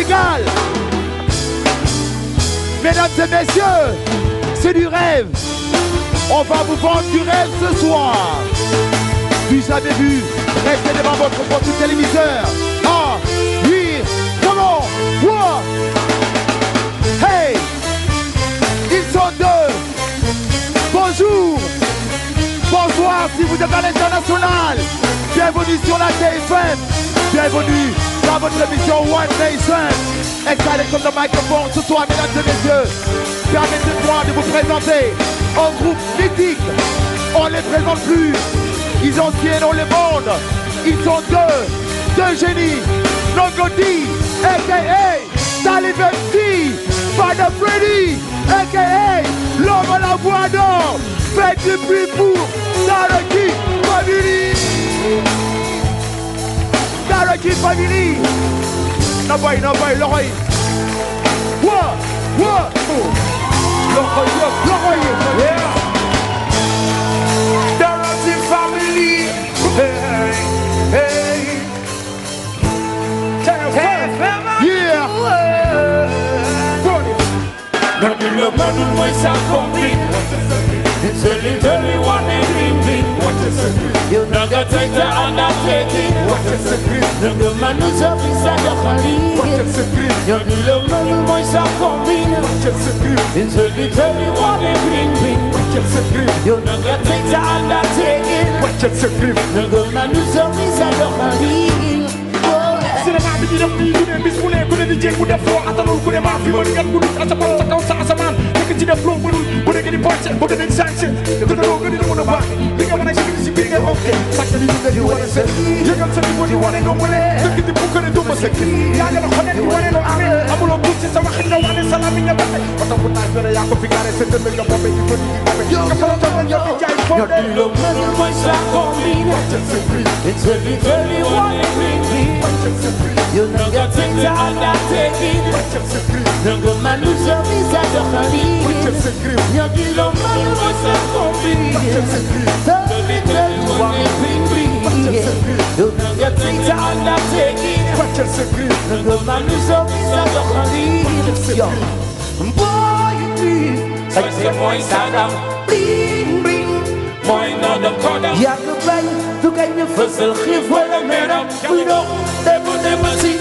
Sénégal. Mesdames et messieurs, c'est du rêve. On va vous vendre du rêve ce soir. Du jamais vu, restez devant votre propre téléviseur. Ah, oui, comment, quoi Hey, ils sont deux. Bonjour, bonsoir si vous êtes à l'international. Bienvenue sur la TFM. Bienvenue Bravo Télévision One Nation. Excited comme le microphone ce soir, mesdames et messieurs. Permettez-moi de vous présenter un groupe mythique. On les présente plus. Ils ont scié le monde. Ils sont deux, deux génies. Nogodi, a.k.a. Salim MC, Father Freddy, a.k.a. L'homme la voix d'or. Faites du bruit pour Sarah Family. Latyr Family na bay na bay loxo yi waa waa loxo yëpp loxo yi yeah the Latyr Family hey hey yeah It's a little one evening. What is a Christ? You never take the undertaking. What is a Christ? The man who's up inside your family. What is a Christ? You need a man who wants to come in. What is a Christ? It's a little one evening. What is a Christ? You never take the undertaking. What is a Christ? The man who's up inside your family. Sénégal bi ñu def nii lu ne bis mu ne ku ne di jéegu def loo atanul ku ne maa fi mën ngan bu dut asamaan sa kaw sa asamaan nekk ci def loo mënul bu nekkee di pocce bu demee di sànce te daloo gën a mën a baax li nga mën a jënd si biir ngay onke sàcc li ñu nga di wane sëñ yëgal sa niveau di wane nga mëne dëkk di bu gën a duma sëkk yaa gën a xone di wane loo amee amuloo buur ci sa waxin nga wane salaam yi nga baxe oto bu naaj gën a yaa ko fi gaare sa dënd nga boppe di bëri di gabe nga faratal yow di jaay foo dee Yo nan ga te ta la te in Nan go le te Sa se moi sa dam gañe fësal xiif wala meram buy dox dem dem si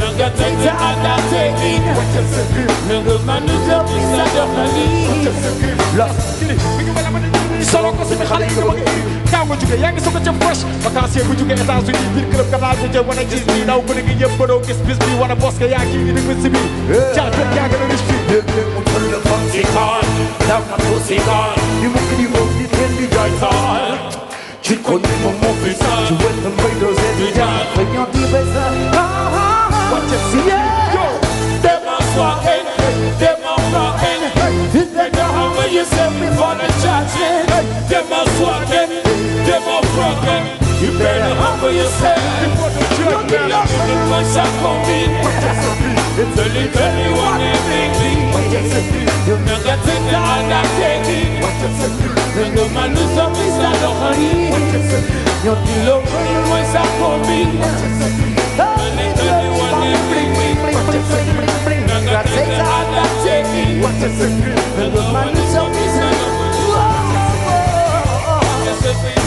Nanga tete ada tekin Nanga manusia bisa dormali Lah solo ko suñu xale yi nga bëgg kaa ma jóge yaa ngi soog a ca fresh vacances bu jóge États-Unis biir club Qatar jëjë wane gis bi daw ko ne ngi yëpp ba doo gis bis bi wane bos ka yaa kii di ko si biir jaar fekk yaa gën a riche bi dégg leen mu toll la fan si kaal dam na ko si kaal di mu kii di moom di teen di jaay saal ชีวิตคนไม่มองมองไปซ่าชีวิตทำไมโดนเสียยาไปยอมที่ไปซ่าว่าจะเสียเดมาสวาเองเดมาฟาเองที่เด็กจะหาไม่ยึดเส้นไม่พอในชาติเดมาสวาเองเดมาฟาเอง You better humble yourself before the church man. You look like Sakomi. Tell him anyone anything. You're not gonna take the other. You're the love when you always have for me. And it's only one every week. God takes out that taking. What is it? The love man is so easy.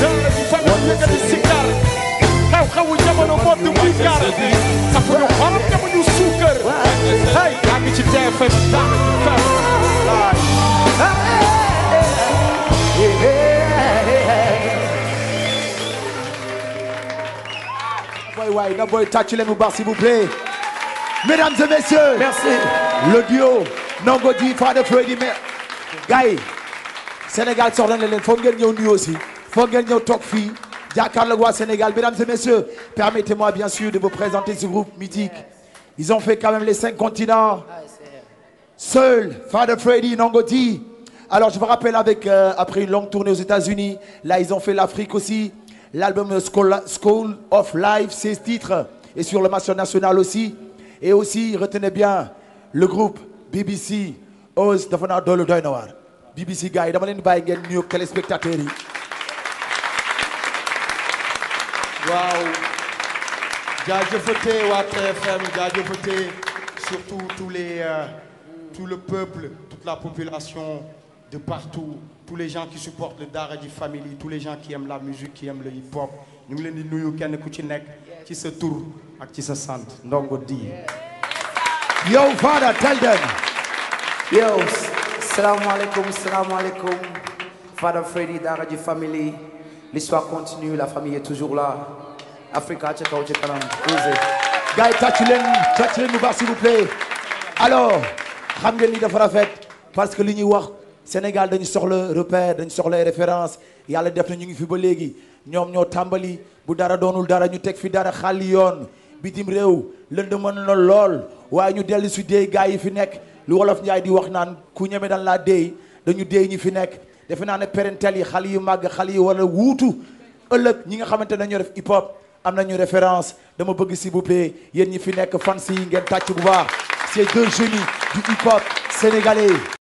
Yalla bi fa ñu nekk di sikar xew xewu jamono moo di wikar xafu ñu xolam jamono suuf waay na booy tàcc leen bu baax s'il vous plaît. mesdames et messieurs. merci le duo. Ndongo Dji Fada Fouye di mais. gars yi Sénégal soxla na leen foog ngeen ñëw nuyu aussi foog ngeen ñëw toog fii jàkkaarloog waa Sénégal mesdames et messieurs permettez-moi bien sûr de vous présenter ce groupe mythique. ils ont fait quand même les cinq continents. Seul Fada Fouye di Ndongo alors je vous rappelle avec euh, après une longue tournée aux États-Unis là ils ont fait l'Afrique l'album School of Life, 16 titres, et sur le marché national aussi. Et aussi, retenez bien, le groupe BBC Oz dafa naa doolu doy na waar BBC gars yi dama leen bàyyi ngeen nuyu téléspectateurs yi. waaw jaajëfate waa TFM jaajëfate surtout euh, tout le peuple toute la population. de partout tous les gens qui supportent le Daaraji Family tous les gens qui aiment la musique qui aiment le hip hop ñu ngi leen di nuyu kenn ku ci nekk ci sa tur ak ci sa sant Ndongo Dee. yow Fada tell them. yow salaamaaleykum salaamaaleykum Fada Freddy Daaraji Family l'histoire continue la famille est toujours là Africa ca kaw ca kanam. gars yi tàccu leen tàccu leen bu baax s'il vous plaît alors xam ngeen ni dafa parce que li ñuy wax. Sénégal dañu soxla repère dañu soxla référence yàlla def na ñu ngi fi ba léegi ñoom ñoo tàmbali bu dara doonul dara ñu teg fi dara xal yoon bitim réew lënd mën na lool waaye ñu dellu si déey yi fi nekk lu wolof njaay di wax naan ku ñeme daan laa déey dañu déey ñi fi nekk defe naa ne parentel yi xale yu màgg xal yi wala wuutu ëllëg ñi nga xamante ne ñoo def hip hop am nañu référence dama bëgg s'il vous plaît yéen ñi fi nekk fans yi ngeen tàcc bu baax ces deux